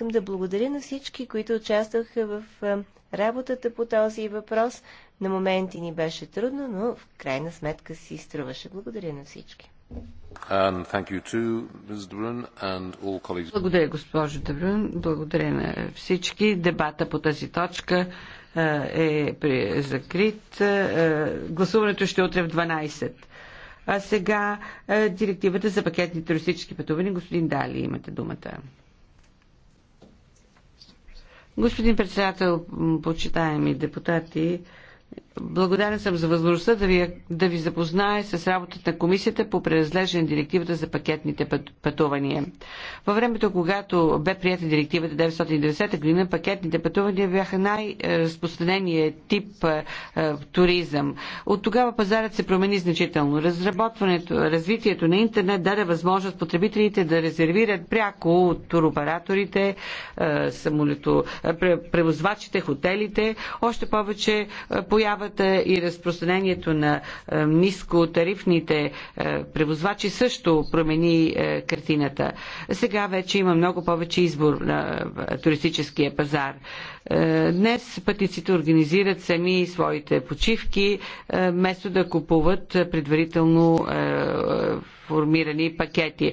Искам да благодаря на всички, които участваха в работата по този въпрос. На моменти ни беше трудно, но в крайна сметка си струваше. Благодаря на всички. Too, Благодаря, госпожо Дебрун. Благодаря на всички. Дебата по тази точка е закрит. Гласуването ще е утре в 12. А сега директивата за пакетни туристически пътувания. Господин Дали, имате думата. Господин председател, почитаеми депутати, Благодарен съм за възможността да ви, да ви запознае с работата на комисията по преразглеждане на директивата за пакетните пътувания. Във времето, когато бе прията директивата 990 година, пакетните пътувания бяха най-разпространения тип е, е, туризъм. От тогава пазарът се промени значително. Разработването, развитието на интернет даде възможност потребителите да резервират пряко от туроператорите, е, самолето, е, превозвачите, хотелите, още повече е, появат хората и разпространението на е, нискотарифните е, превозвачи също промени е, картината. Сега вече има много повече избор на туристическия пазар. Днес пътниците организират сами своите почивки, вместо да купуват предварително формирани пакети.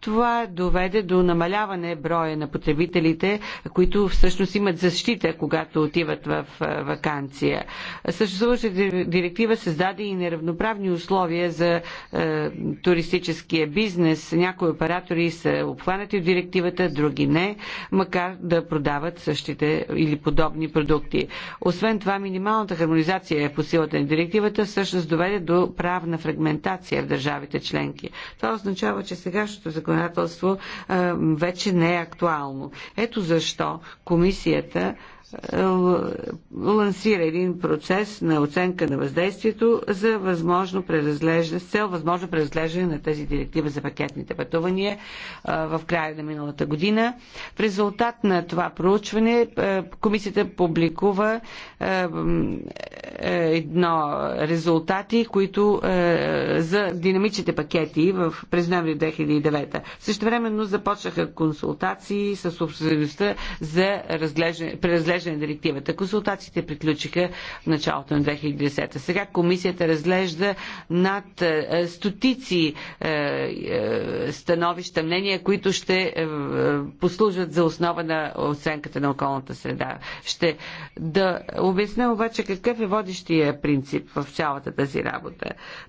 Това доведе до намаляване броя на потребителите, които всъщност имат защита, когато отиват в вакансия. Съществуващата директива създаде и неравноправни условия за е, туристическия бизнес. Някои оператори са обхванати от директивата, други не, макар да продават същите или подобни продукти. Освен това, минималната хармонизация по силата на директивата всъщност доведе до правна фрагментация в държавите членки. Това означава, че сегашното законодателство законодателство вече не е актуално. Ето защо комисията лансира един процес на оценка на въздействието за възможно преразглеждане, с цел възможно преразглеждане на тези директива за пакетните пътувания в края на миналата година. В резултат на това проучване е, комисията публикува е, е, едно резултати, които за динамичните пакети в през ноември 2009. Също времено започнаха консултации с обществеността за преразглеждане въвеждане на директивата. Консултациите приключиха в началото на 2010. Сега комисията разглежда над е, стотици е, е, становища, мнения, които ще послужат за основа на оценката на околната среда. Ще да обясня обаче какъв е водещия принцип в цялата тази работа.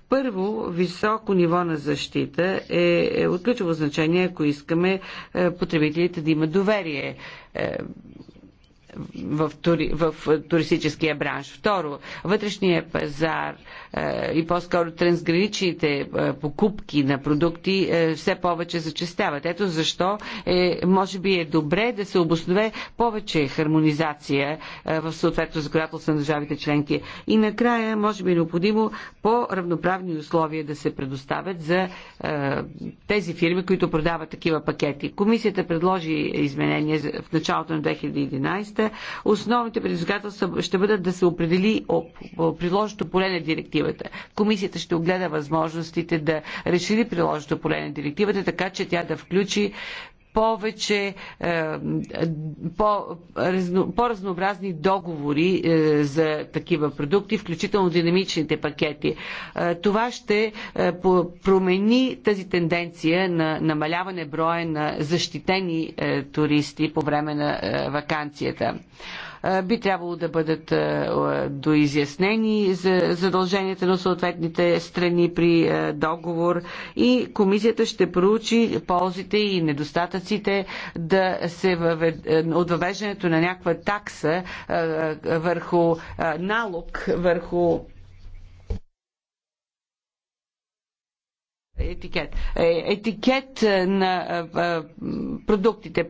Първо, високо ниво на защита е, е от ключово значение, ако искаме потребителите да имат доверие в, тури, в туристическия бранш. Второ, вътрешния пазар е, и по-скоро трансграничните е, покупки на продукти е, все повече зачестяват. Ето защо е, може би е добре да се обоснове повече хармонизация е, в съответно законодателство на държавите членки. И накрая, може би е необходимо по-равноправни условия да се предоставят за е, тези фирми, които продават такива пакети. Комисията предложи изменения в началото на 2011 парламента, основните предизвикателства ще бъдат да се определи приложното поле на директивата. Комисията ще огледа възможностите да решили приложното поле на директивата, така че тя да включи повече е, по-разнообразни договори е, за такива продукти, включително динамичните пакети. Е, това ще промени тази тенденция на намаляване броя на защитени туристи по време на вакансията би трябвало да бъдат доизяснени за задълженията на съответните страни при договор и комисията ще проучи ползите и недостатъците да се въвед... от въвеждането на някаква такса върху налог върху етикет. Е, етикет е, на е, продуктите,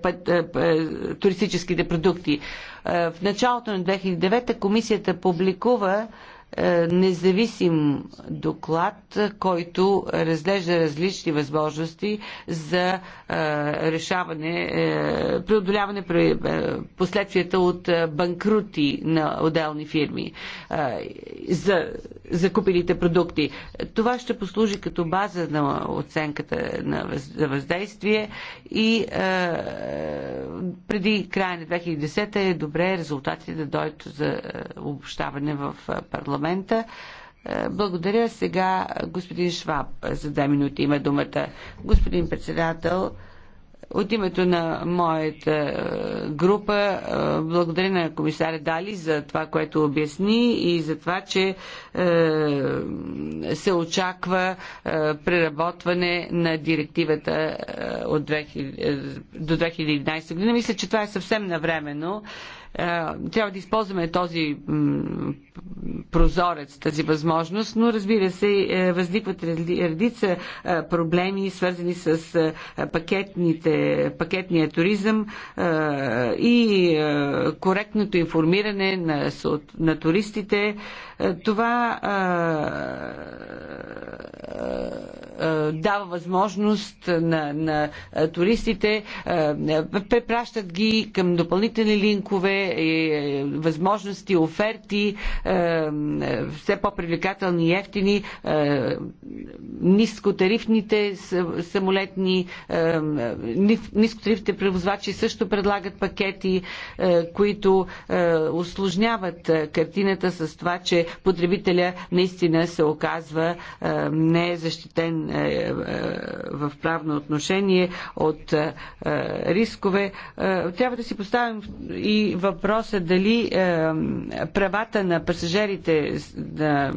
туристическите продукти. В началото на 2009 комисията публикува е, независим доклад, който разглежда различни възможности за е, решаване, е, преодоляване последствията от банкрути на отделни фирми за закупилите продукти. Това ще послужи като база на оценката на въздействие и преди края на 2010 е добре резултатите да дойдат за обобщаване в парламент парламента. Е, благодаря сега господин Шваб за две минути има думата. Господин председател, от името на моята е, група е, благодаря на комисаря Дали за това, което обясни и за това, че се очаква преработване на директивата от 2000, до 2011 година. Мисля, че това е съвсем навременно. Е, трябва да използваме този прозорец, тази възможност, но разбира се, е, възникват редица е, проблеми, свързани с пакетните, пакетния туризъм и коректното информиране на, на туристите. Това е, дава възможност на, на е, туристите, препращат е, ги към допълнителни линкове, възможности, оферти, все по-привлекателни и ефтини, нискотарифните самолетни, нискотарифните превозвачи също предлагат пакети, които осложняват картината с това, че потребителя наистина се оказва незащитен е, е, в правно отношение от е, рискове, трябва да си поставим и въпроса дали правата на пасажирите на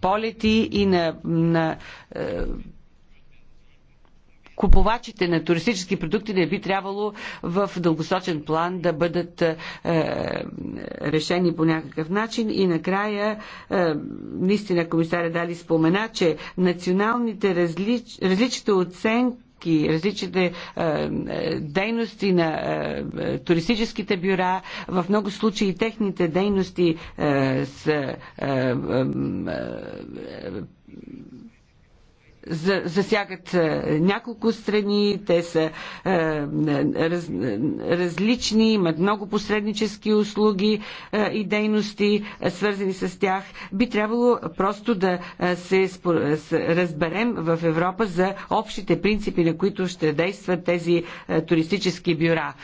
полети и на, на купувачите на туристически продукти не би трябвало в дългосрочен план да бъдат е, е, решени по някакъв начин. И накрая, е, наистина комисаря Дали спомена, че националните различ, различните оценки мерки, различните е, е, дейности на туристическите бюра. В много случаи техните дейности са засягат е, няколко страни, те са е, раз, различни, имат много посреднически услуги е, и дейности, свързани с тях. Би трябвало просто да се разберем в Европа за общите принципи, на които ще действат тези туристически бюра.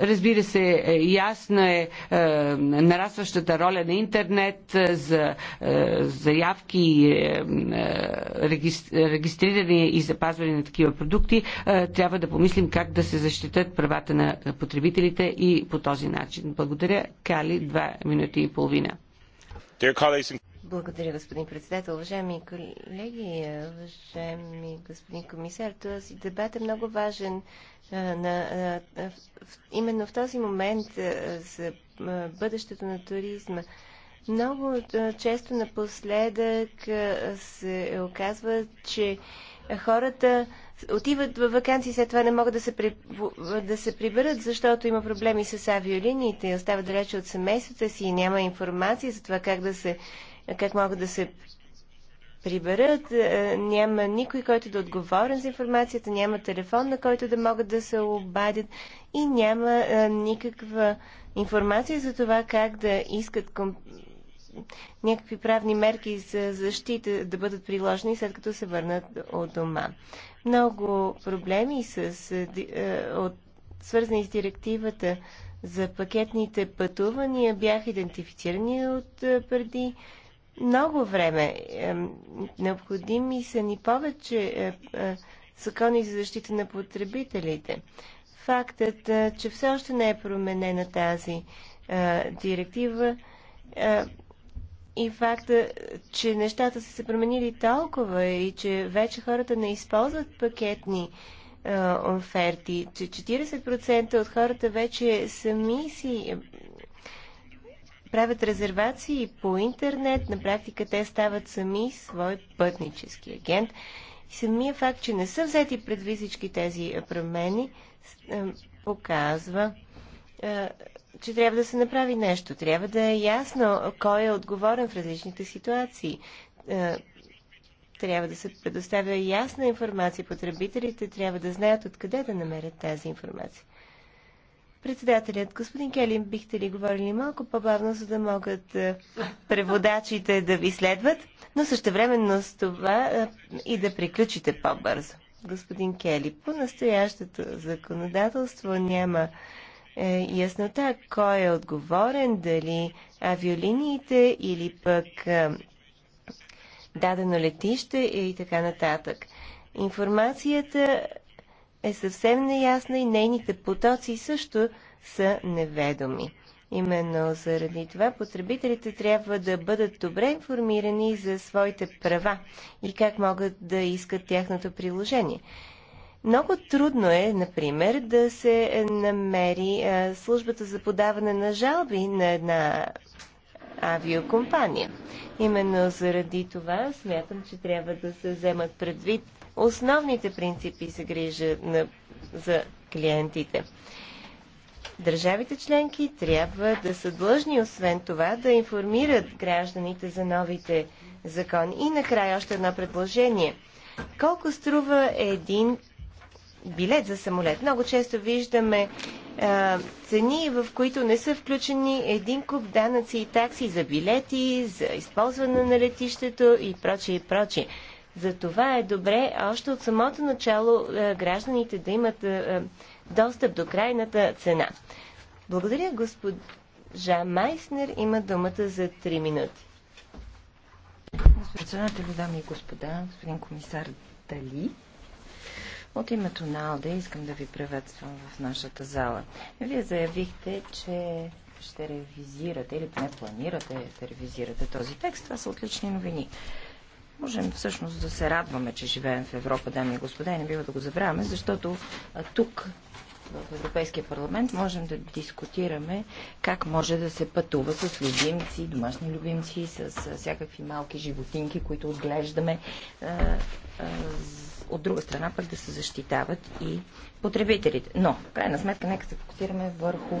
Разбира се, е, ясна е, е, нарастващата роля на интернет е, за заявки, и регистриране и запазване на такива продукти. трябва да помислим как да се защитат правата на потребителите и по този начин. Благодаря. Кали, два минути и половина. Благодаря, господин председател. Уважаеми колеги, уважаеми господин комисар, този дебат е много важен. именно в този момент за бъдещето на туризма. Много често напоследък се оказва, че хората отиват във вакансии, след това не могат да се, при... да се приберат, защото има проблеми с авиолиниите, и остават далече от семействата си и няма информация за това как да се как могат да се приберат, е, няма никой, който да е отговорен за информацията, няма телефон, на който да могат да се обадят и няма е, никаква информация за това как да искат комп... някакви правни мерки за защита да бъдат приложени след като се върнат от дома. Много проблеми с, от, свързани с директивата за пакетните пътувания бяха идентифицирани от преди много време. Необходими са ни повече е, е, закони за защита на потребителите. Фактът, е, че все още не е променена тази директива и факта, че нещата са се променили толкова и че вече хората не използват пакетни оферти, че 40% от хората вече сами си правят резервации по интернет. На практика те стават сами свой пътнически агент. И самия факт, че не са взети пред всички тези промени, е, показва, е, че трябва да се направи нещо. Трябва да е ясно кой е отговорен в различните ситуации. Е, трябва да се предоставя ясна информация. Потребителите трябва да знаят откъде да намерят тази информация. Председателят, господин Келин, бихте ли говорили малко по-бавно, за да могат е, преводачите да ви следват, но същевременно с това е, и да приключите по-бързо? Господин Кели, по настоящото законодателство няма е, яснота кой е отговорен, дали авиолиниите или пък е, дадено летище и така нататък. Информацията е съвсем неясна и нейните потоци също са неведоми. Именно заради това потребителите трябва да бъдат добре информирани за своите права и как могат да искат тяхното приложение. Много трудно е, например, да се намери службата за подаване на жалби на една авиокомпания. Именно заради това смятам, че трябва да се вземат предвид основните принципи за грижа на, за клиентите. Държавите членки трябва да са длъжни, освен това, да информират гражданите за новите закони. И накрая още едно предложение. Колко струва един билет за самолет? Много често виждаме а, цени, в които не са включени един куп данъци и такси за билети, за използване на летището и прочие и прочие. За това е добре още от самото начало е, гражданите да имат е, е, достъп до крайната цена. Благодаря, госпожа Майснер. Има думата за 3 минути. председател, дами и господа, господин комисар Дали, от името на Алде искам да ви приветствам в нашата зала. Вие заявихте, че ще ревизирате или поне планирате да ревизирате този текст. Това са отлични новини. Можем всъщност да се радваме, че живеем в Европа, дами и господа, и не бива да го забравяме, защото тук в Европейския парламент можем да дискутираме как може да се пътува с любимци, домашни любимци, с всякакви малки животинки, които отглеждаме. От друга страна пък да се защитават и потребителите. Но, в крайна сметка, нека се фокусираме върху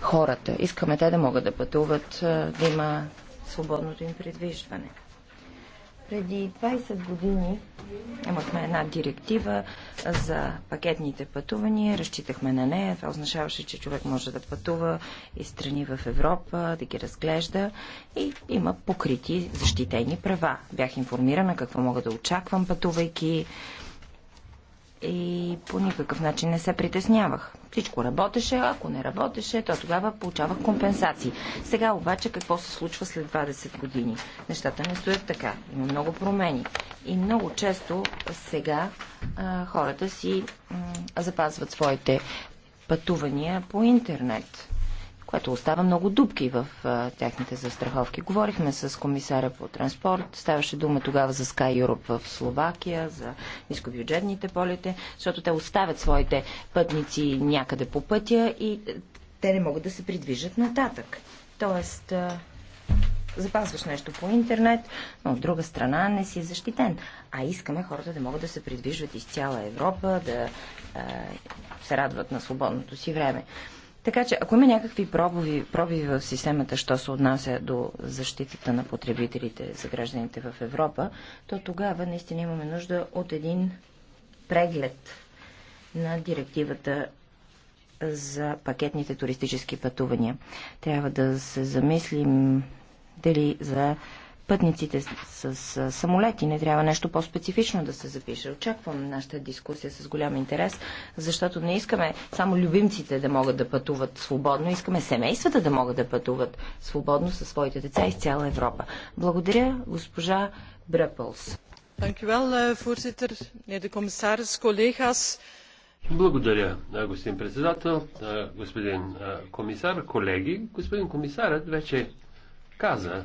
хората. Искаме те да могат да пътуват, да има свободното им предвиждане. Преди 20 години имахме една директива за пакетните пътувания, разчитахме на нея. Това означаваше, че човек може да пътува и страни в Европа, да ги разглежда и има покрити защитени права. Бях информирана какво мога да очаквам пътувайки и по никакъв начин не се притеснявах. Всичко работеше, ако не работеше, то тогава получавах компенсации. Сега обаче какво се случва след 20 години? Нещата не стоят така. Има много промени. И много често сега а, хората си м- запазват своите пътувания по интернет което остава много дубки в а, техните застраховки. Говорихме с комисаря по транспорт, ставаше дума тогава за Sky Europe в Словакия, за нискобюджетните полети, защото те оставят своите пътници някъде по пътя и е, те не могат да се придвижат нататък. Тоест, а, е, запазваш нещо по интернет, но от друга страна не си защитен. А искаме хората да могат да се придвижват из цяла Европа, да а, е, се радват на свободното си време. Така че, ако има някакви пробови, пробиви в системата, що се отнася до защитата на потребителите за гражданите в Европа, то тогава наистина имаме нужда от един преглед на директивата за пакетните туристически пътувания. Трябва да се замислим дали за пътниците с, с самолети. Не трябва нещо по-специфично да се запише. Очаквам нашата дискусия с голям интерес, защото не искаме само любимците да могат да пътуват свободно, искаме семействата да могат да пътуват свободно със своите деца из цяла Европа. Благодаря, госпожа Брепълс. Eh, Благодаря, господин председател, господин комисар, колеги. Господин комисарът вече каза,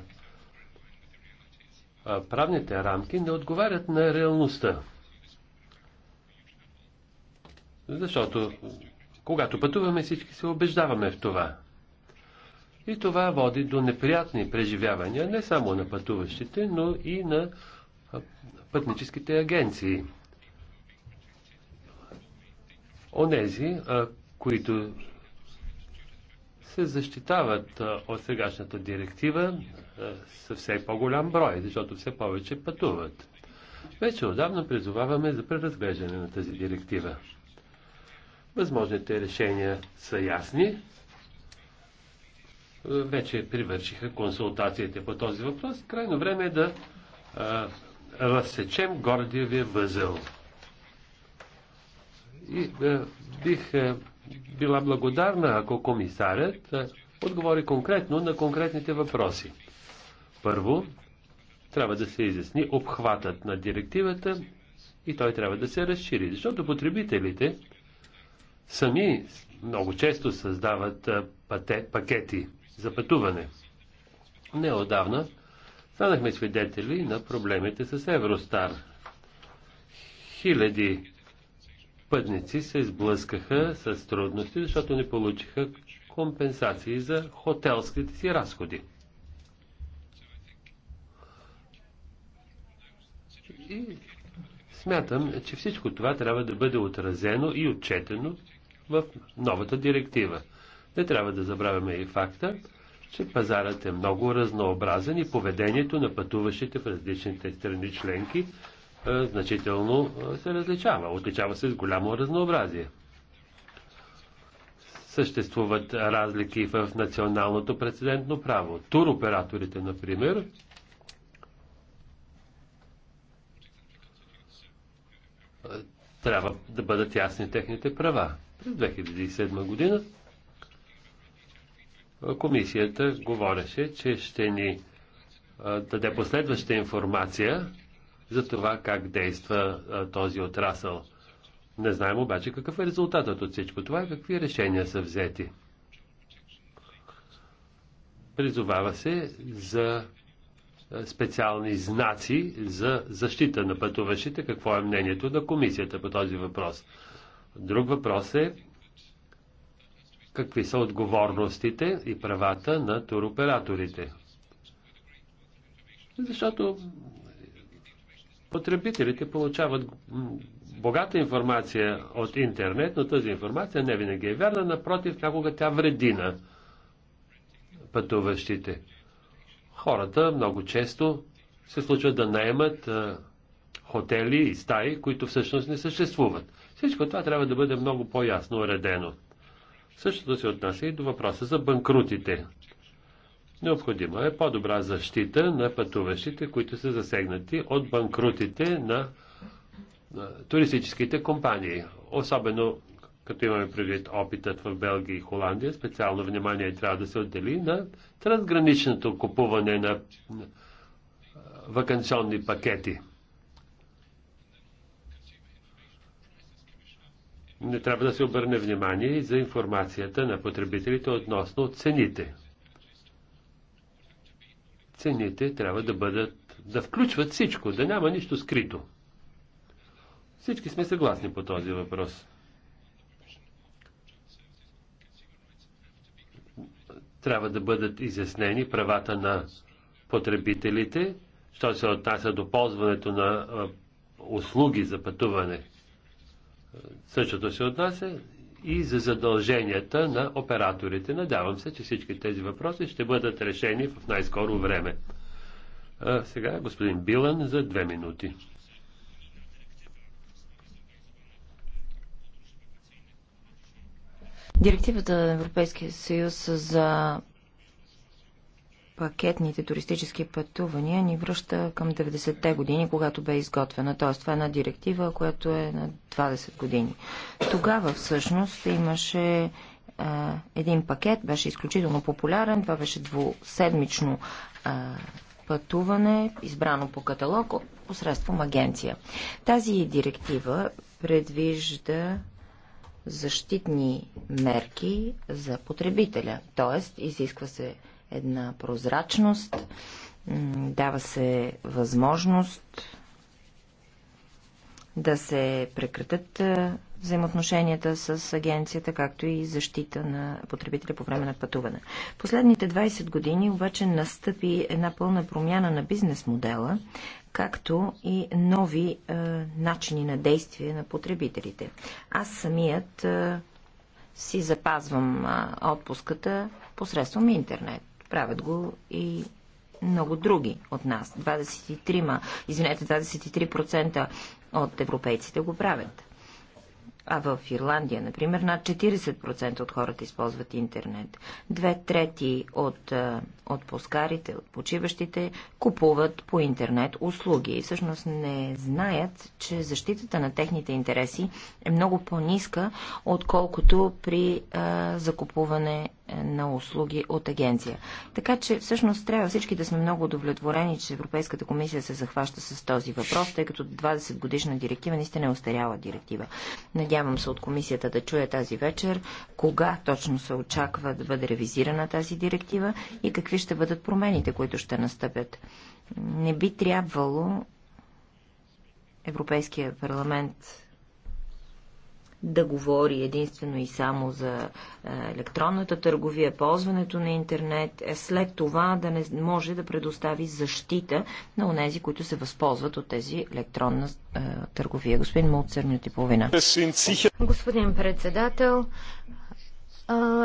правните рамки не отговарят на реалността. Защото когато пътуваме, всички се убеждаваме в това. И това води до неприятни преживявания не само на пътуващите, но и на пътническите агенции. Онези, които се защитават от сегашната директива, е, са все по-голям брой, защото все повече пътуват. Вече отдавна призоваваме за преразглеждане на тази директива. Възможните решения са ясни. Е, вече привършиха консултациите по този въпрос. Крайно време е да а, е, разсечем гордиевия възел. И а, бих а, била благодарна, ако комисарят а, отговори конкретно на конкретните въпроси. Първо, трябва да се изясни обхватът на директивата и той трябва да се разшири, защото потребителите сами много често създават пакети за пътуване. Неодавна станахме свидетели на проблемите с Евростар. Хиляди пътници се изблъскаха с трудности, защото не получиха компенсации за хотелските си разходи. И смятам, че всичко това трябва да бъде отразено и отчетено в новата директива. Не трябва да забравяме и факта, че пазарът е много разнообразен и поведението на пътуващите в различните страни членки е, значително е, се различава. Отличава се с голямо разнообразие. Съществуват разлики в националното прецедентно право. Туроператорите, например, трябва да бъдат ясни техните права. През 2007 година комисията говореше, че ще ни даде последваща информация за това как действа този отрасъл. Не знаем обаче какъв е резултатът от всичко това и какви решения са взети. Призовава се за специални знаци за защита на пътуващите. Какво е мнението на комисията по този въпрос? Друг въпрос е какви са отговорностите и правата на туроператорите. Защото потребителите получават богата информация от интернет, но тази информация не винаги е вярна, напротив, някога тя вреди на пътуващите хората много често се случва да наемат хотели и стаи, които всъщност не съществуват. Всичко това трябва да бъде много по-ясно уредено. Същото се отнася и до въпроса за банкрутите. Необходима е по-добра защита на пътуващите, които са засегнати от банкрутите на туристическите компании, особено като имаме предвид опитът в Белгия и Холандия, специално внимание трябва да се отдели на трансграничното купуване на вакансионни пакети. Не трябва да се обърне внимание и за информацията на потребителите относно цените. Цените трябва да бъдат, да включват всичко, да няма нищо скрито. Всички сме съгласни по този въпрос. Трябва да бъдат изяснени правата на потребителите, що се отнася до ползването на услуги за пътуване. Същото се отнася и за задълженията на операторите. Надявам се, че всички тези въпроси ще бъдат решени в най-скоро време. А сега господин Билан за две минути. Директивата на Европейския съюз за пакетните туристически пътувания ни връща към 90-те години, когато бе изготвена. Тоест, това е една директива, която е на 20 години. Тогава всъщност имаше а, един пакет, беше изключително популярен. Това беше двуседмично а, пътуване, избрано по каталог, посредством агенция. Тази директива предвижда защитни мерки за потребителя. Тоест, изисква се една прозрачност, дава се възможност да се прекратят взаимоотношенията с агенцията, както и защита на потребителя по време на пътуване. Последните 20 години обаче настъпи една пълна промяна на бизнес модела, както и нови е, начини на действие на потребителите. Аз самият е, си запазвам е, отпуската посредством интернет. Правят го и много други от нас. 23, извинете, 23% от европейците го правят. А в Ирландия, например, над 40% от хората използват интернет. Две трети от е, отпускарите, от почиващите купуват по интернет услуги и всъщност не знаят, че защитата на техните интереси е много по-ниска, отколкото при а, е, закупуване е, на услуги от агенция. Така че всъщност трябва всички да сме много удовлетворени, че Европейската комисия се захваща с този въпрос, тъй като 20 годишна директива наистина е устаряла директива. Надявам се от комисията да чуя тази вечер кога точно се очаква да бъде ревизирана тази директива и какви ще бъдат промените, които ще настъпят. Не би трябвало Европейския парламент да говори единствено и само за е, електронната търговия, ползването на интернет, е след това да не може да предостави защита на онези, които се възползват от тези електронна е, търговия. Господин Молцер, минути половина. Господин председател, е,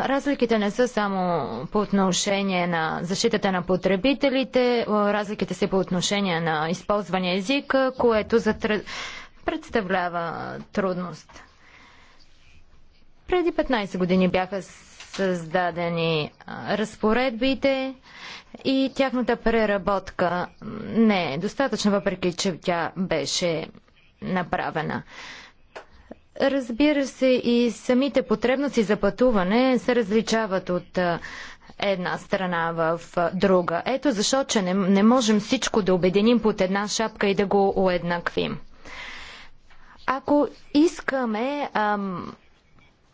Разликите не са само по отношение на защитата на потребителите, разликите са по отношение на използване език, което затръ... представлява трудност. Преди 15 години бяха създадени разпоредбите и тяхната преработка не е достатъчна, въпреки че тя беше направена. Разбира се, и самите потребности за пътуване се различават от една страна в друга. Ето защо, че не, не можем всичко да обединим под една шапка и да го уеднаквим. Ако искаме ам,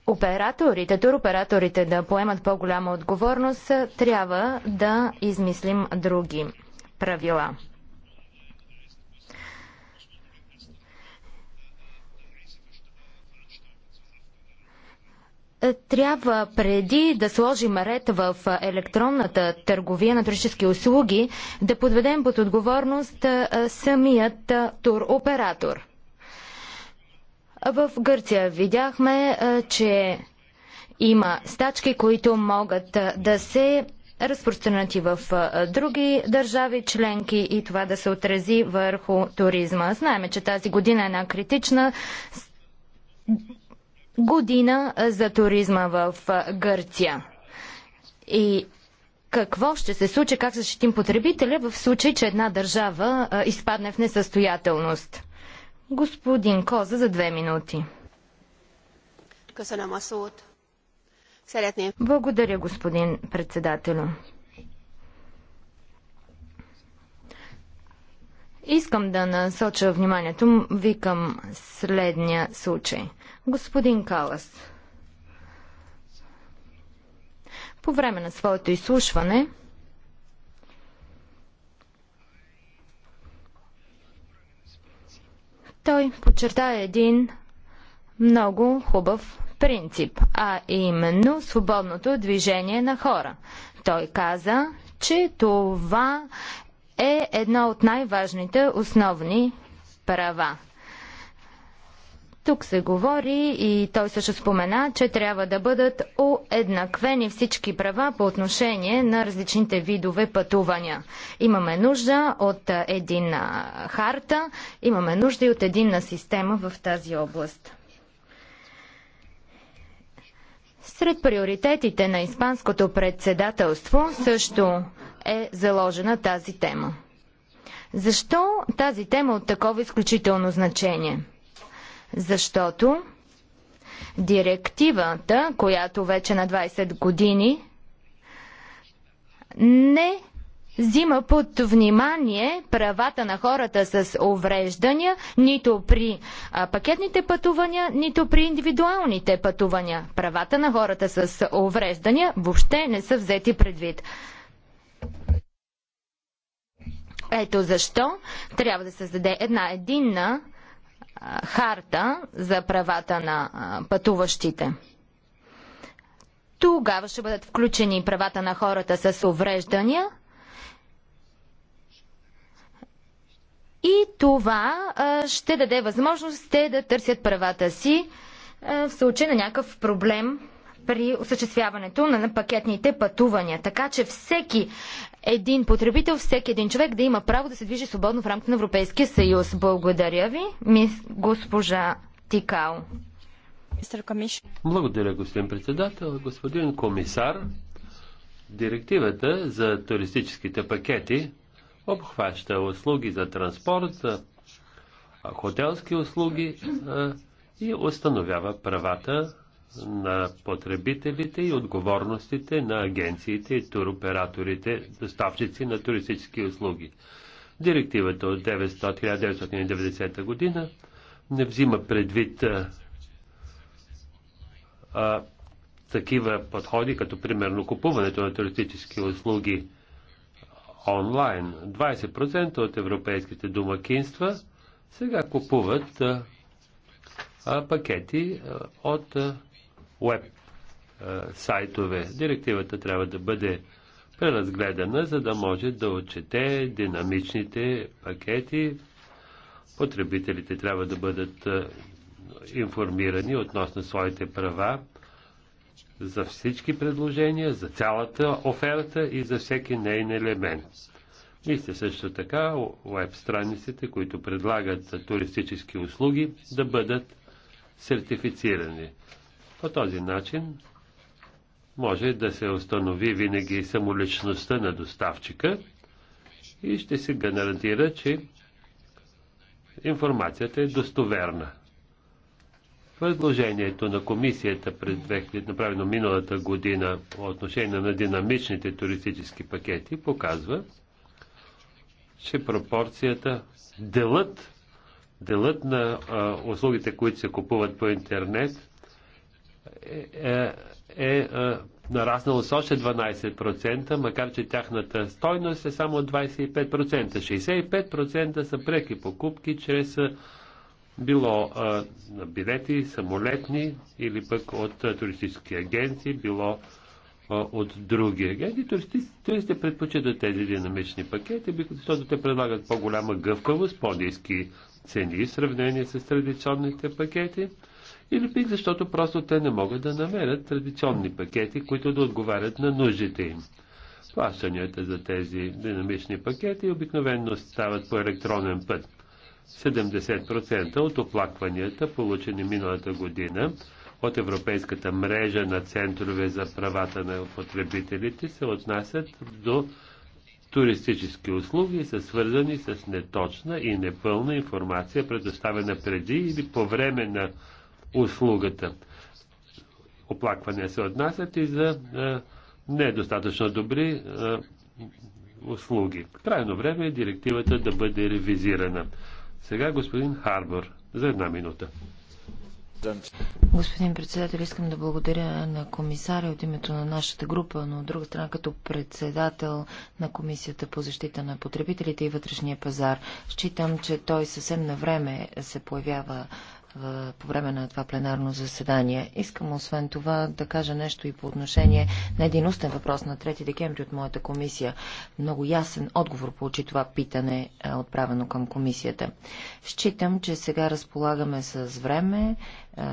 операторите, туроператорите да поемат по-голяма отговорност, трябва да измислим други правила. трябва преди да сложим ред в електронната търговия на туристически услуги, да подведем под отговорност самият туроператор. В Гърция видяхме, че има стачки, които могат да се разпространят и в други държави членки и това да се отрази върху туризма. Знаеме, че тази година е една критична година за туризма в Гърция. И какво ще се случи, как защитим потребителя в случай, че една държава изпадне в несъстоятелност? Господин Коза за две минути. Благодаря, господин председател. Искам да насоча вниманието ви към следния случай. Господин Калас, по време на своето изслушване Той подчерта един много хубав принцип, а именно свободното движение на хора. Той каза, че това е едно от най-важните основни права. Тук се говори и той също спомена, че трябва да бъдат уеднаквени всички права по отношение на различните видове пътувания. Имаме нужда от един харта, имаме нужда и от единна система в тази област. Сред приоритетите на Испанското председателство също е заложена тази тема. Защо тази тема от такова изключително значение? Защото директивата, която вече на 20 години не взима под внимание правата на хората с увреждания нито при а, пакетните пътувания, нито при индивидуалните пътувания. Правата на хората с увреждания въобще не са взети предвид. Ето защо трябва да създаде една единна харта за правата на пътуващите. Тогава ще бъдат включени правата на хората с увреждания. И това ще даде възможност те да търсят правата си в случай на някакъв проблем при осъществяването на пакетните пътувания. Така че всеки един потребител, всеки един човек да има право да се движи свободно в рамките на Европейския съюз. Благодаря ви, мис госпожа Тикао. Благодаря, господин председател. Господин комисар, директивата за туристическите пакети обхваща услуги за транспорт, за хотелски услуги и установява правата на потребителите и отговорностите на агенциите и туроператорите, доставчици на туристически услуги. Директивата от 1990 година не взима предвид а, такива подходи, като примерно купуването на туристически услуги онлайн. 20% от европейските домакинства сега купуват а, а, пакети а, от а, веб е, сайтове. Директивата трябва да бъде преразгледана, за да може да отчете динамичните пакети. Потребителите трябва да бъдат е, информирани относно своите права за всички предложения, за цялата оферта и за всеки нейни елемент. Мисля също така веб страниците, които предлагат туристически услуги, да бъдат сертифицирани. По този начин може да се установи винаги самоличността на доставчика и ще се гарантира, че информацията е достоверна. Предложението на комисията през 2000, направено миналата година по отношение на динамичните туристически пакети, показва, че пропорцията, делът, делът на а, услугите, които се купуват по интернет, е, е, е, е нараснало с още 12%, макар че тяхната стойност е само 25%. 65% са преки покупки чрез е, било а, е, на билети, самолетни или пък от а, туристически агенции, било а, от други агенти. туристите предпочитат тези динамични пакети, защото те предлагат по-голяма гъвкавост, по-низки цени в сравнение с традиционните пакети или пък защото просто те не могат да намерят традиционни пакети, които да отговарят на нуждите им. Плащанията за тези динамични пакети обикновенно стават по електронен път. 70% от оплакванията, получени миналата година от Европейската мрежа на центрове за правата на потребителите, се отнасят до туристически услуги и са свързани с неточна и непълна информация, предоставена преди или по време на услугата. Оплаквания се отнасят и за недостатъчно добри услуги. Крайно време е директивата да бъде ревизирана. Сега господин Харбор за една минута. Господин председател, искам да благодаря на комисаря от името на нашата група, но от друга страна като председател на Комисията по защита на потребителите и вътрешния пазар. Считам, че той съвсем на време се появява по време на това пленарно заседание. Искам освен това да кажа нещо и по отношение на един устен въпрос на 3 декември от моята комисия. Много ясен отговор получи това питане, е, отправено към комисията. Считам, че сега разполагаме с време,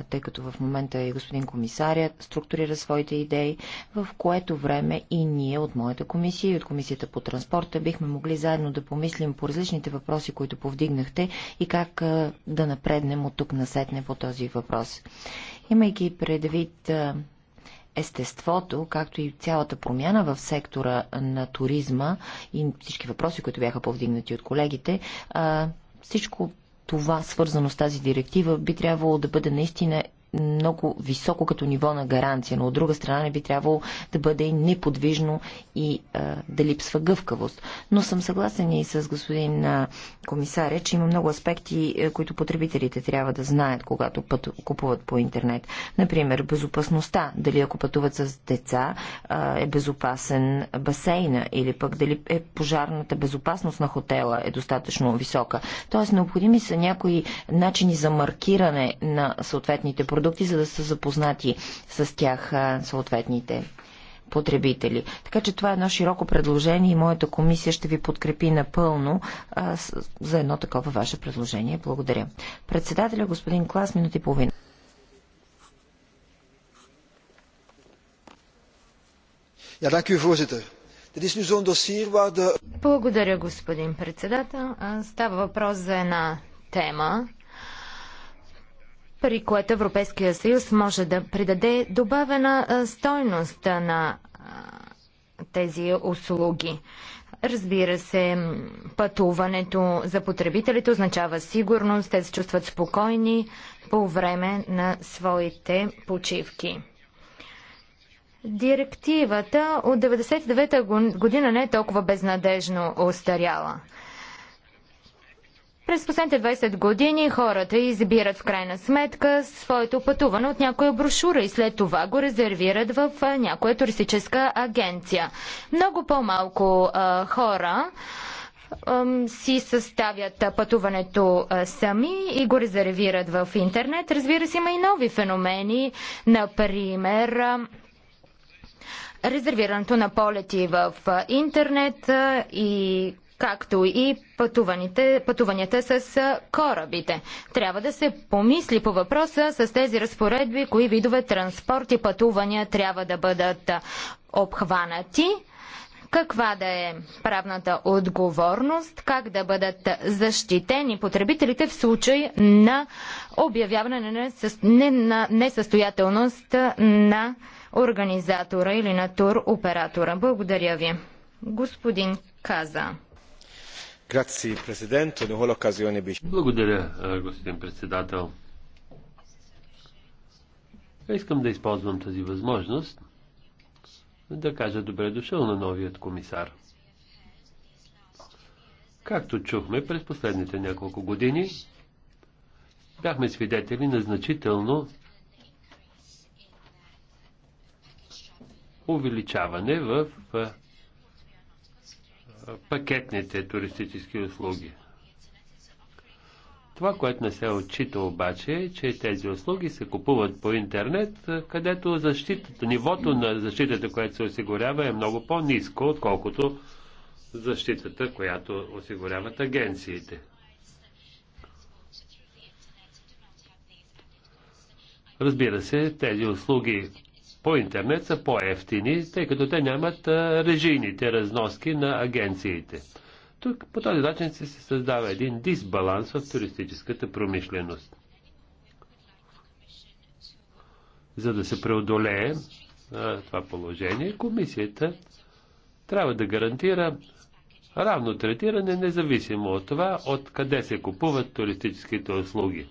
тъй като в момента и е господин комисаря структурира своите идеи, в което време и ние от моята комисия и от комисията по транспорта бихме могли заедно да помислим по различните въпроси, които повдигнахте и как да напреднем от тук насетне по този въпрос. Имайки предвид естеството, както и цялата промяна в сектора на туризма и всички въпроси, които бяха повдигнати от колегите, всичко това свързано с тази директива би трябвало да бъде наистина много високо като ниво на гаранция, но от друга страна не би трябвало да бъде неподвижно и а, да липсва гъвкавост. Но съм съгласен и с господин а, комисаря, че има много аспекти, а, които потребителите трябва да знаят, когато път, купуват по интернет. Например, безопасността. Дали ако пътуват с деца, а, е безопасен басейна или пък дали е пожарната безопасност на хотела е достатъчно висока. Тоест, необходими са някои начини за маркиране на съответните продукти продукти, за да са запознати с тях съответните потребители. Така че това е едно широко предложение и моята комисия ще ви подкрепи напълно а, с, за едно такова ваше предложение. Благодаря. Председателя господин Клас, минути и половина. Ja, dank u, voorzitter. Dit is nu zo'n dossier waar de... Благодаря, господин председател. Става въпрос за една тема, при което Европейския съюз може да придаде добавена стойност на тези услуги. Разбира се, пътуването за потребителите означава сигурност, те се чувстват спокойни по време на своите почивки. Директивата от 1999 година не е толкова безнадежно остаряла. През последните 20 години хората избират в крайна сметка своето пътуване от някоя брошура и след това го резервират в някоя туристическа агенция. Много по-малко хора си съставят пътуването сами и го резервират в интернет. Разбира се, има и нови феномени, например резервирането на полети в интернет и както и пътуванията с корабите. Трябва да се помисли по въпроса с тези разпоредби, кои видове транспорт и пътувания трябва да бъдат обхванати каква да е правната отговорност, как да бъдат защитени потребителите в случай на обявяване на, на несъстоятелност на организатора или на туроператора. Благодаря ви. Господин Каза. Благодаря, господин председател. Искам да използвам тази възможност да кажа добре дошъл на новият комисар. Както чухме през последните няколко години, бяхме свидетели на значително увеличаване в пакетните туристически услуги. Това, което не се отчита обаче е, че тези услуги се купуват по интернет, където защитата, нивото на защитата, което се осигурява е много по-низко, отколкото защитата, която осигуряват агенциите. Разбира се, тези услуги по интернет са по-ефтини, тъй като те нямат режийните разноски на агенциите. Тук по този начин се създава един дисбаланс в туристическата промишленост. За да се преодолее а, това положение, комисията трябва да гарантира равно третиране, независимо от това, от къде се купуват туристическите услуги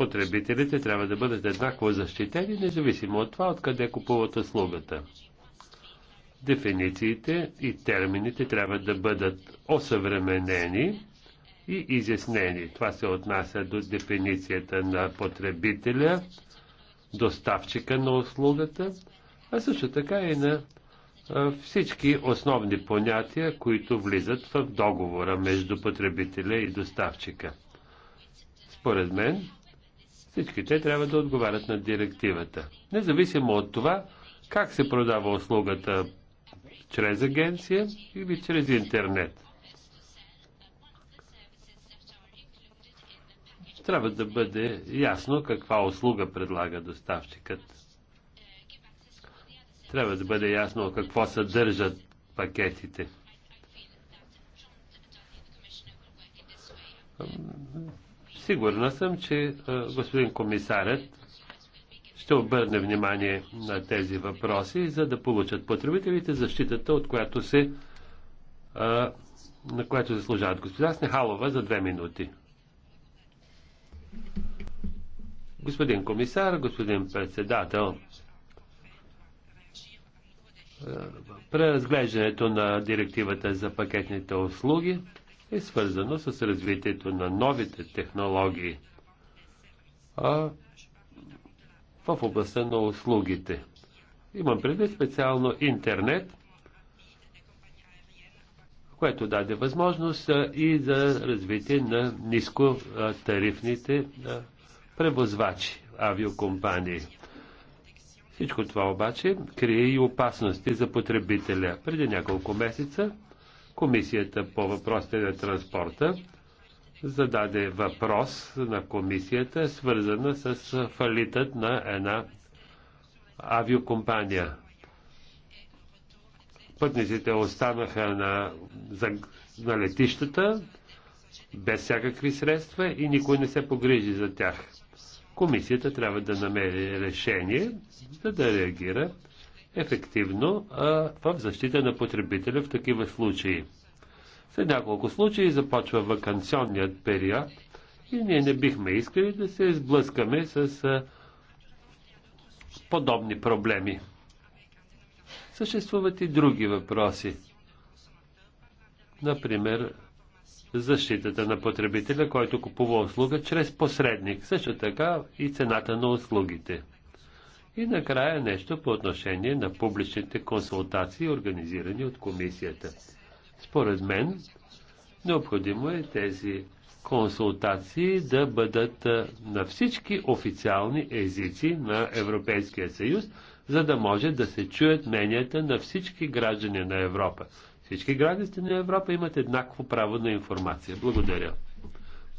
потребителите трябва да бъдат еднакво защитени, независимо от това, откъде купуват услугата. Дефинициите и термините трябва да бъдат осъвременени и изяснени. Това се отнася до дефиницията на потребителя, доставчика на услугата, а също така и на всички основни понятия, които влизат в договора между потребителя и доставчика. Според мен, всички те трябва да отговарят на директивата. Независимо от това, как се продава услугата чрез агенция или чрез интернет. Трябва да бъде ясно каква услуга предлага доставчикът. Трябва да бъде ясно какво съдържат пакетите. Сигурна съм, че е, господин комисарят ще обърне внимание на тези въпроси, за да получат потребителите защитата, от която се, е, на която заслужават. Госпожа Снехалова за две минути. Господин комисар, господин председател, е, преразглеждането на директивата за пакетните услуги е свързано с развитието на новите технологии а в областта на услугите. Имам предвид специално интернет, което даде възможност и за развитие на нискотарифните превозвачи, авиокомпании. Всичко това обаче крие и опасности за потребителя. Преди няколко месеца Комисията по въпросите на транспорта зададе въпрос на комисията, свързана с фалитът на една авиокомпания. Пътниците останаха на, за, на летищата без всякакви средства и никой не се погрижи за тях. Комисията трябва да намери решение, за да реагира ефективно а, в защита на потребителя в такива случаи. След няколко случаи започва вакансионният период и ние не бихме искали да се сблъскаме с а, подобни проблеми. Съществуват и други въпроси. Например, защитата на потребителя, който купува услуга чрез посредник, също така и цената на услугите. И накрая нещо по отношение на публичните консултации, организирани от комисията. Според мен, необходимо е тези консултации да бъдат на всички официални езици на Европейския съюз, за да може да се чуят мненията на всички граждани на Европа. Всички граждани на Европа имат еднакво право на информация. Благодаря.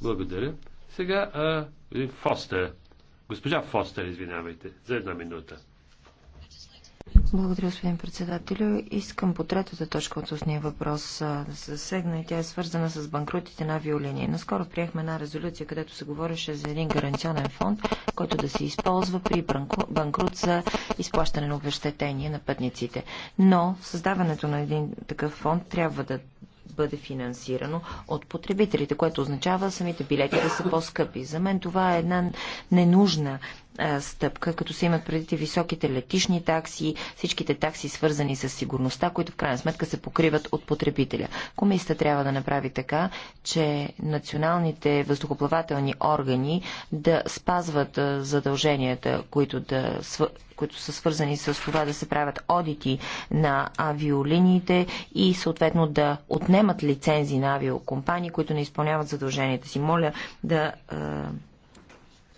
Благодаря. Сега а, Фостер. Госпожа Фостер, извинявайте, за една минута. Благодаря, господин председателю. Искам по третата точка от устния въпрос да се засегна и тя е свързана с банкрутите на авиолинии. Наскоро приехме една резолюция, където се говореше за един гаранционен фонд, който да се използва при банкрут за изплащане на обещетение на пътниците. Но създаването на един такъв фонд трябва да бъде финансирано от потребителите, което означава самите билети да са по-скъпи. За мен това е една ненужна стъпка, като се имат преди високите летишни такси, всичките такси свързани с сигурността, които в крайна сметка се покриват от потребителя. Комисията трябва да направи така, че националните въздухоплавателни органи да спазват задълженията, които, да, които са свързани с това да се правят одити на авиолиниите и съответно да отнемат лицензии на авиокомпании, които не изпълняват задълженията си. Моля да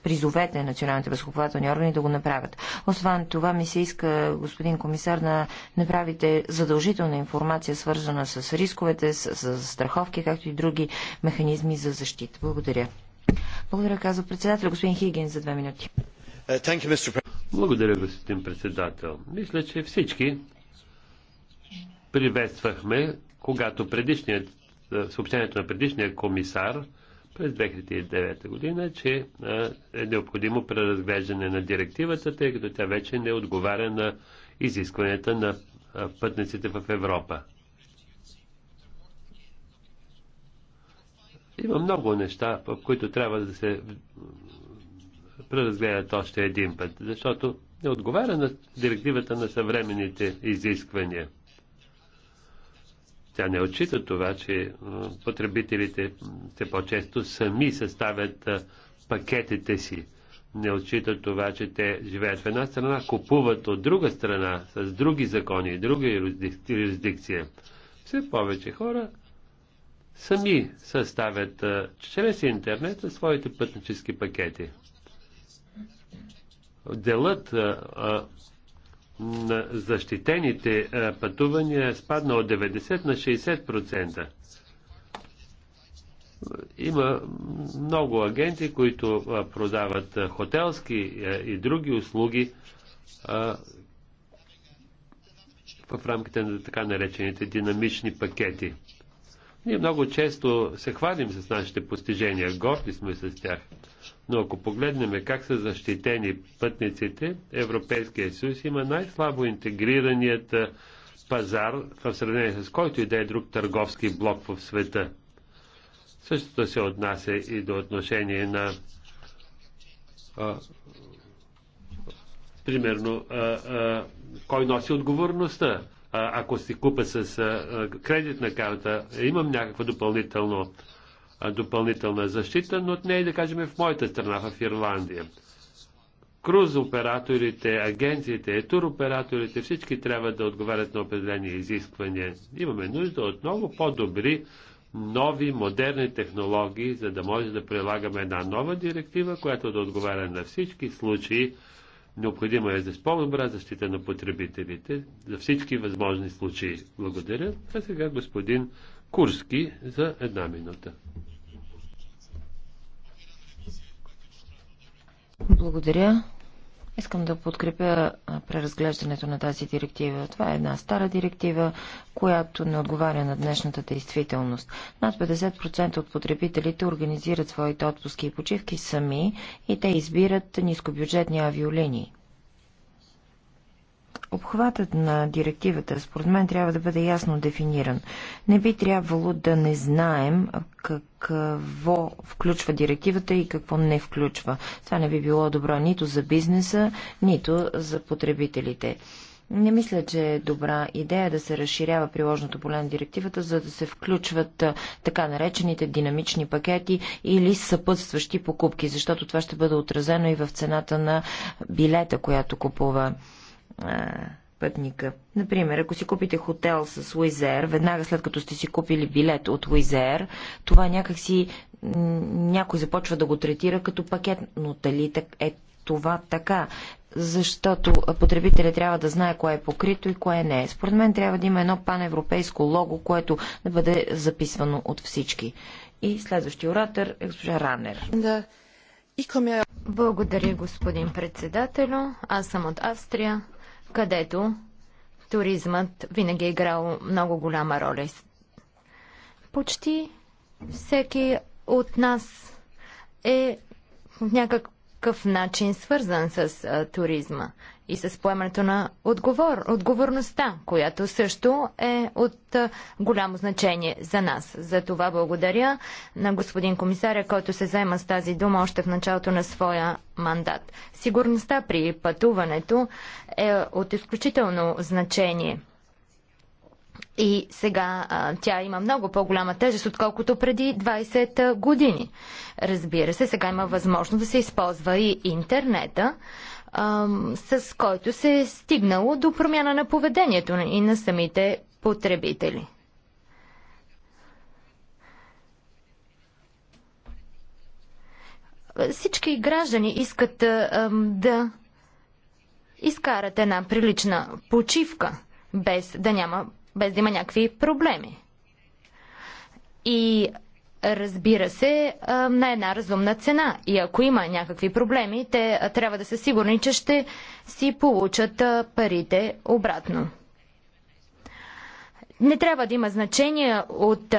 призовете националните възхоплателни органи да го направят. Освен това ми се иска, господин комисар, да направите задължителна информация, свързана с рисковете, с, с страховки, както и други механизми за защита. Благодаря. Благодаря, казва председател. Господин Хигин за две минути. Uh, Благодаря, господин председател. Мисля, че всички приветствахме, когато предишният, uh, съобщението на предишния комисар през 2009 година, че е необходимо преразглеждане на директивата, тъй като тя вече не отговаря на изискванията на пътниците в Европа. Има много неща, в които трябва да се преразгледат още един път, защото не отговаря на директивата на съвременните изисквания. Тя не отчита това, че потребителите те по-често сами съставят пакетите си. Не отчита това, че те живеят в една страна, купуват от друга страна, с други закони, друга юрисдикция. Все повече хора сами съставят чрез интернет своите пътнически пакети делът на защитените пътувания спадна от 90 на 60%. Има много агенти, които продават хотелски и други услуги в рамките на така наречените динамични пакети. Ние много често се хвалим с нашите постижения, горди сме с тях. Но ако погледнем как са защитени пътниците, Европейския съюз има най-слабо интегрираният пазар в сравнение с който и да е друг търговски блок в света. Същото се отнася и до отношение на а, примерно а, а, кой носи отговорността. А, ако си купа с а, кредитна карта, имам някакво допълнително допълнителна защита, но не и да кажем в моята страна, в Ирландия. Круз операторите, агенциите, операторите, всички трябва да отговарят на определени изисквания. Имаме нужда от много по-добри, нови, модерни технологии, за да може да прилагаме една нова директива, която да отговаря на всички случаи. Необходима е за по-добра защита на потребителите за всички възможни случаи. Благодаря. А сега господин Курски за една минута. Благодаря. Искам да подкрепя преразглеждането на тази директива. Това е една стара директива, която не отговаря на днешната действителност. Над 50% от потребителите организират своите отпуски и почивки сами и те избират нискобюджетни авиолинии. Обхватът на директивата, според мен, трябва да бъде ясно дефиниран. Не би трябвало да не знаем какво включва директивата и какво не включва. Това не би било добро нито за бизнеса, нито за потребителите. Не мисля, че е добра идея да се разширява приложното поле на директивата, за да се включват така наречените динамични пакети или съпътстващи покупки, защото това ще бъде отразено и в цената на билета, която купува а, пътника. Например, ако си купите хотел с Уизер, веднага след като сте си купили билет от Уизер, това някакси някой започва да го третира като пакет, но дали е това така? защото потребителя трябва да знае кое е покрито и кое не е. Според мен трябва да има едно паневропейско лого, което да бъде записвано от всички. И следващия оратор е госпожа Ранер. Да. Благодаря, господин председател. Аз съм от Австрия където туризмът винаги е играл много голяма роля. Почти всеки от нас е в някакъв начин свързан с туризма и с поемането на отговор, отговорността, която също е от голямо значение за нас. За това благодаря на господин комисаря, който се заема с тази дума още в началото на своя мандат. Сигурността при пътуването е от изключително значение. И сега а, тя има много по-голяма тежест, отколкото преди 20 години. Разбира се, сега има възможност да се използва и интернета с който се е стигнало до промяна на поведението и на самите потребители. Всички граждани искат а, да изкарат една прилична почивка, без да, няма, без да има някакви проблеми. И разбира се, на една разумна цена. И ако има някакви проблеми, те трябва да са сигурни, че ще си получат парите обратно. Не трябва да има значение от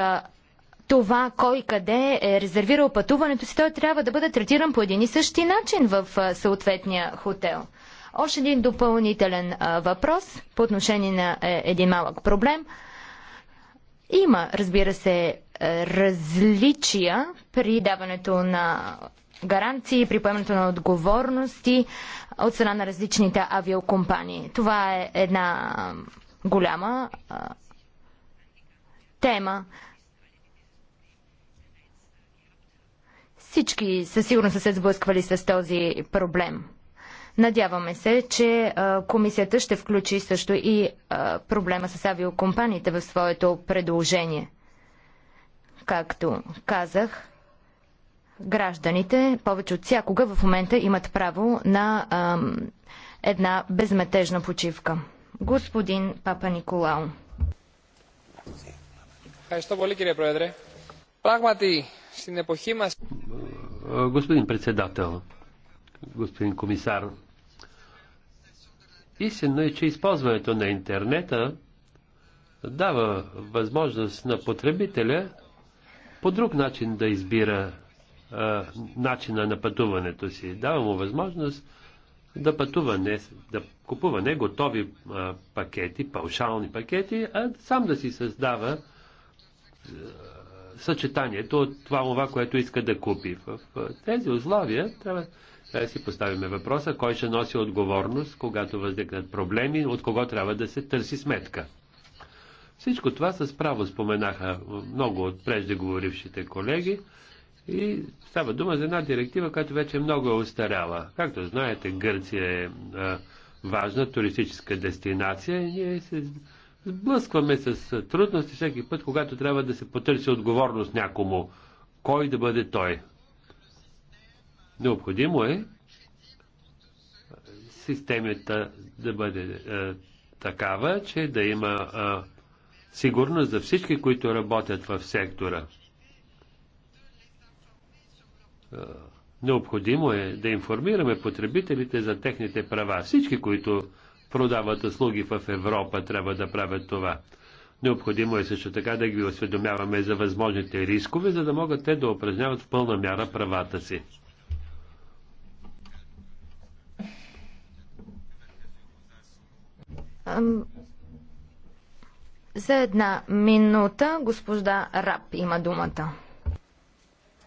това кой къде е резервирал пътуването си, той трябва да бъде третиран по един и същи начин в съответния хотел. Още един допълнителен въпрос по отношение на е, един малък проблем. Има, разбира се, различия при даването на гаранции, при поемането на отговорности от страна на различните авиокомпании. Това е една голяма а, тема. Всички със сигурност са се сблъсквали с този проблем. Надяваме се, че а, комисията ще включи също и а, проблема с авиокомпаниите в своето предложение. Както казах, гражданите повече от всякога в момента имат право на ам, една безметежна почивка. Господин Папа Николао. Господин председател, господин комисар, истинно е, че използването на интернета дава възможност на потребителя по друг начин да избира а, начина на пътуването си. Дава му възможност да пътува, не, да купува не готови а, пакети, паушални пакети, а сам да си създава а, съчетанието от това, това, което иска да купи. В, в тези условия трябва, трябва да си поставиме въпроса, кой ще носи отговорност, когато възникнат проблеми, от кого трябва да се търси сметка. Всичко това с право споменаха много от преждеговорившите колеги и става дума за една директива, която вече много е устаряла. Както знаете, Гърция е а, важна туристическа дестинация и ние се сблъскваме с трудности всеки път, когато трябва да се потърси отговорност някому. Кой да бъде той? Необходимо е системата да бъде е, такава, че да има сигурност за всички, които работят в сектора. Е, необходимо е да информираме потребителите за техните права. Всички, които продават услуги в Европа, трябва да правят това. Необходимо е също така да ги осведомяваме за възможните рискове, за да могат те да упражняват в пълна мяра правата си. За една минута госпожа Рап има думата.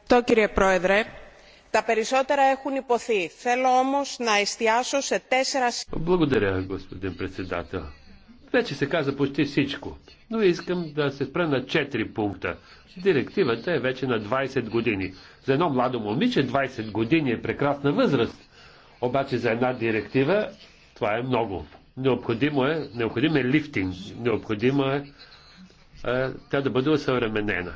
То, кирие проедре, τα περισσότερα έχουν υποθεί. Θέλω όμως να εστιάσω σε τέσσερα... Благодаря, господин председател. Вече се каза почти всичко, но искам да се спра на четири пункта. Директивата е вече на 20 години. За едно младо момиче 20 години е прекрасна възраст, обаче за една директива това е много. Необходимо е, необходим е лифтинг, необходимо е е тя да бъде усъвременена.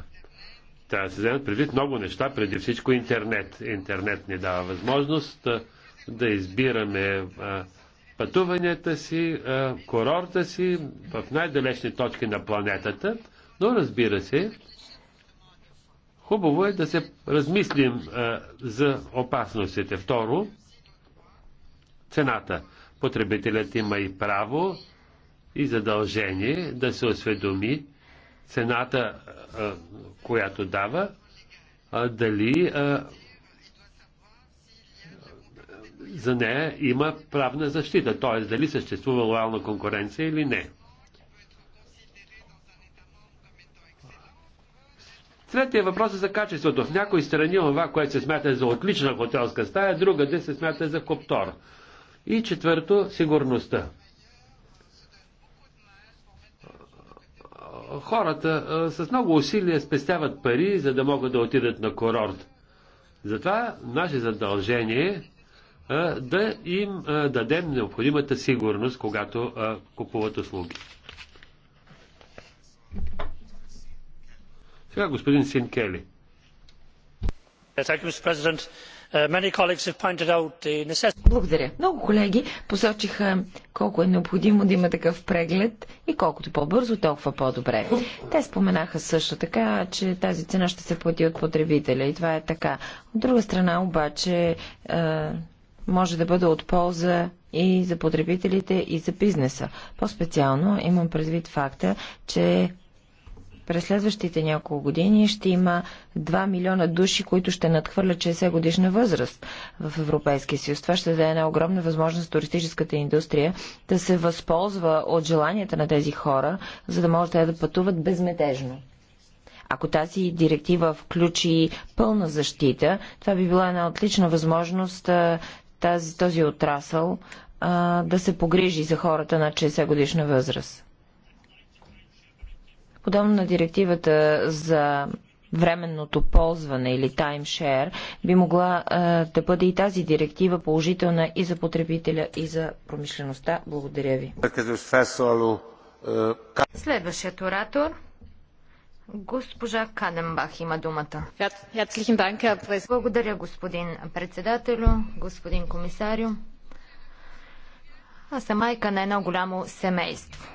Трябва да се вземат предвид много неща, преди всичко интернет. Интернет ни дава възможност е, да избираме е, пътуванията си, е, курорта си в най-далечни точки на планетата, но разбира се, хубаво е да се размислим за опасностите. Второ, цената потребителят има и право и задължение да се осведоми цената, която дава, дали за нея има правна защита, т.е. дали съществува лоялна конкуренция или не. Третия въпрос е за качеството. В някои страни това, което се смята за отлична хотелска стая, другаде се смята за коптор. И четвърто, сигурността. Хората с много усилия спестяват пари, за да могат да отидат на курорт. Затова наше задължение е да им дадем необходимата сигурност, когато купуват услуги. Сега господин Син Кели. Thank you, Mr. President. Uh, Благодаря. Много колеги посочиха колко е необходимо да има такъв преглед и колкото по-бързо, толкова по-добре. Те споменаха също така, че тази цена ще се плати от потребителя и това е така. От друга страна обаче може да бъде от полза и за потребителите, и за бизнеса. По-специално имам предвид факта, че през следващите няколко години ще има 2 милиона души, които ще надхвърлят 60 годишна възраст в Европейския съюз. Това ще даде една огромна възможност туристическата индустрия да се възползва от желанията на тези хора, за да могат да пътуват безметежно. Ако тази директива включи пълна защита, това би била една отлична възможност тази, този отрасъл да се погрижи за хората на 60 годишна възраст. Подобно на директивата за временното ползване или таймшер, би могла а, да бъде и тази директива положителна и за потребителя, и за промишлеността. Благодаря ви. Следващият оратор. Госпожа Каденбах има думата. Благодаря, господин председателю, господин комисарю. Аз съм майка на едно голямо семейство.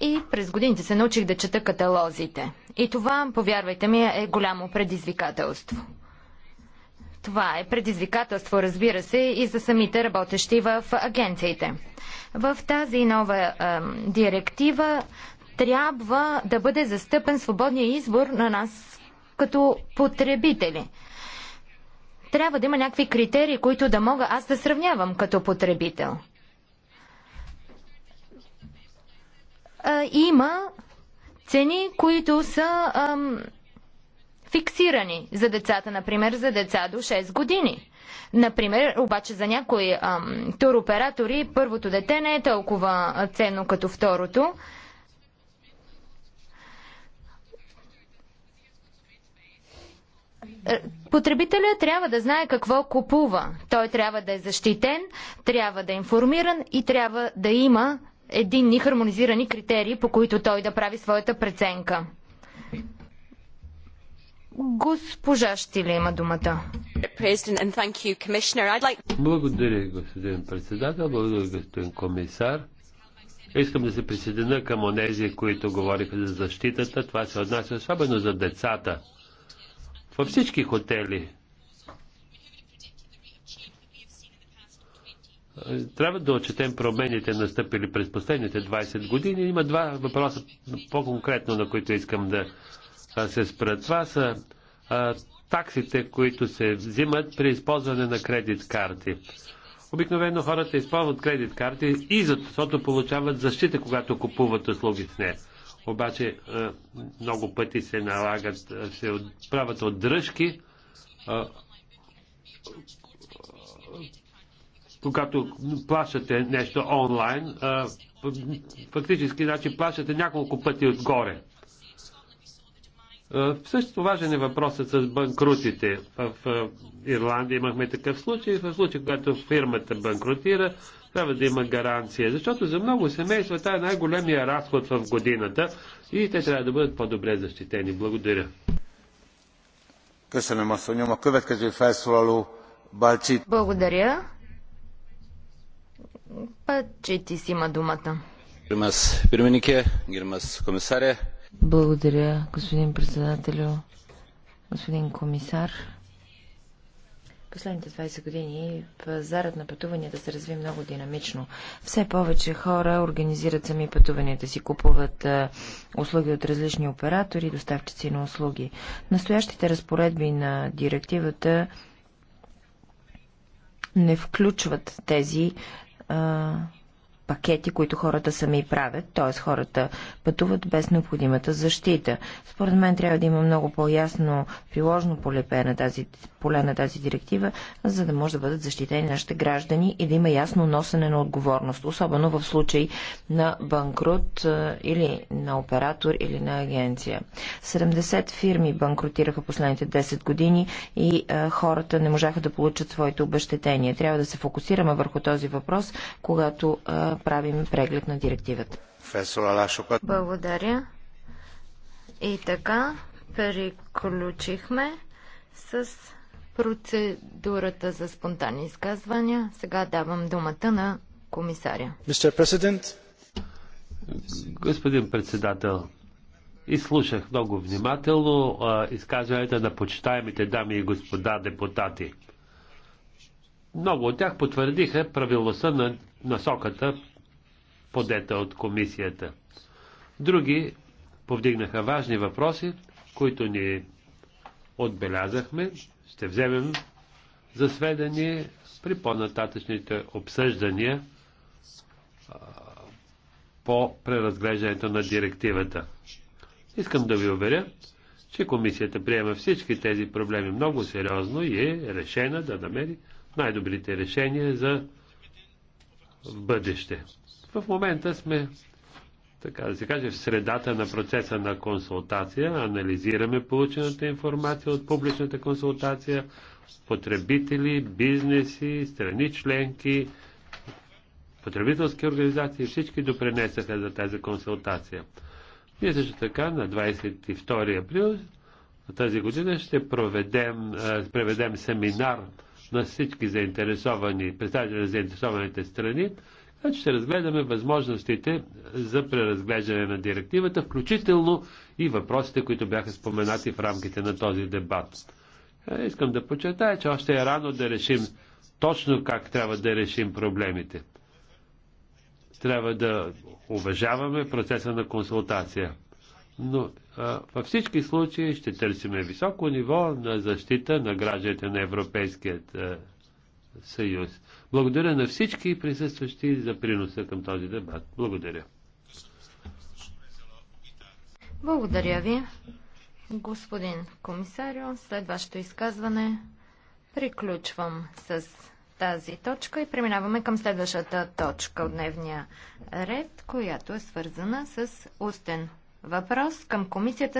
И през годините се научих да чета каталозите. И това, повярвайте ми, е голямо предизвикателство. Това е предизвикателство, разбира се, и за самите работещи в агенциите. В тази нова е, директива трябва да бъде застъпен свободния избор на нас като потребители. Трябва да има някакви критерии, които да мога аз да сравнявам като потребител. има цени, които са ам, фиксирани за децата, например за деца до 6 години. Например, обаче за някои ам, туроператори първото дете не е толкова ценно като второто. Е, потребителя трябва да знае какво купува. Той трябва да е защитен, трябва да е информиран и трябва да има единни хармонизирани критерии, по които той да прави своята преценка. Госпожа Штиле има думата. Благодаря, господин председател, благодаря, господин комисар. Искам да се присъединя към онези, които говориха за защитата. Това се отнася особено за децата. Във всички хотели Трябва да отчетем промените, настъпили през последните 20 години. Има два въпроса по-конкретно, на които искам да се спра. Това са а, таксите, които се взимат при използване на кредит карти. Обикновено хората използват кредит карти и защото получават защита, когато купуват услуги с нея. Обаче а, много пъти се налагат, се правят отдръжки, а, когато плащате нещо онлайн, фактически значи плащате няколко пъти отгоре. Също важен е въпросът с банкрутите. В Ирландия имахме такъв случай. В случай, когато фирмата банкрутира, трябва да има гаранция. Защото за много семейства това е най-големия разход в годината и те трябва да бъдат по-добре защитени. Благодаря. Благодаря. Пъчетис има думата. Гермас пирмininkė, гермас комисарė. Благодаря, господин председателю, господин комисар. Последните 20 години пазарът на пътуванията се разви много динамично. Все повече хора организират сами пътуванията си, купуват а, е, услуги от различни оператори, доставчици на услуги. Настоящите разпоредби на директивата не включват тези а, пакети, които хората сами правят, т.е. хората пътуват без необходимата защита. Според мен трябва да има много по-ясно приложно поле на, тази, поле на тази директива, за да може да бъдат защитени нашите граждани и да има ясно носене на отговорност, особено в случай на банкрут или на оператор или на агенция. 70 фирми банкротираха последните 10 години и а, хората не можаха да получат своите обещетения. Трябва да се фокусираме върху този въпрос, когато а, правим преглед на директивата. Благодаря. И така, приключихме с процедурата за спонтанни изказвания. Сега давам думата на комисаря. Господин председател, изслушах много внимателно изказванията на почитаемите дами и господа депутати. Много от тях потвърдиха правилността на насоката, подета от комисията. Други повдигнаха важни въпроси, които ни отбелязахме, ще вземем за сведение при по-нататъчните обсъждания по преразглеждането на директивата. Искам да ви уверя, че комисията приема всички тези проблеми много сериозно и е решена да намери най-добрите решения за в бъдеще. В момента сме, така да се каже, в средата на процеса на консултация. Анализираме получената информация от публичната консултация, потребители, бизнеси, страни членки, потребителски организации, всички допринесаха за тази консултация. Ние също така на 22 април тази година ще проведем, проведем семинар на всички заинтересовани, представители на заинтересованите страни, ще разгледаме възможностите за преразглеждане на директивата, включително и въпросите, които бяха споменати в рамките на този дебат. Е, искам да подчертая, че още е рано да решим точно как трябва да решим проблемите. Трябва да уважаваме процеса на консултация. Но а, във всички случаи ще търсиме високо ниво на защита на гражданите на Европейският а, съюз. Благодаря на всички присъстващи за приноса към този дебат. Благодаря. Благодаря ви, господин комисарио. След вашето изказване приключвам с тази точка и преминаваме към следващата точка от дневния ред, която е свързана с устен въпрос към комисията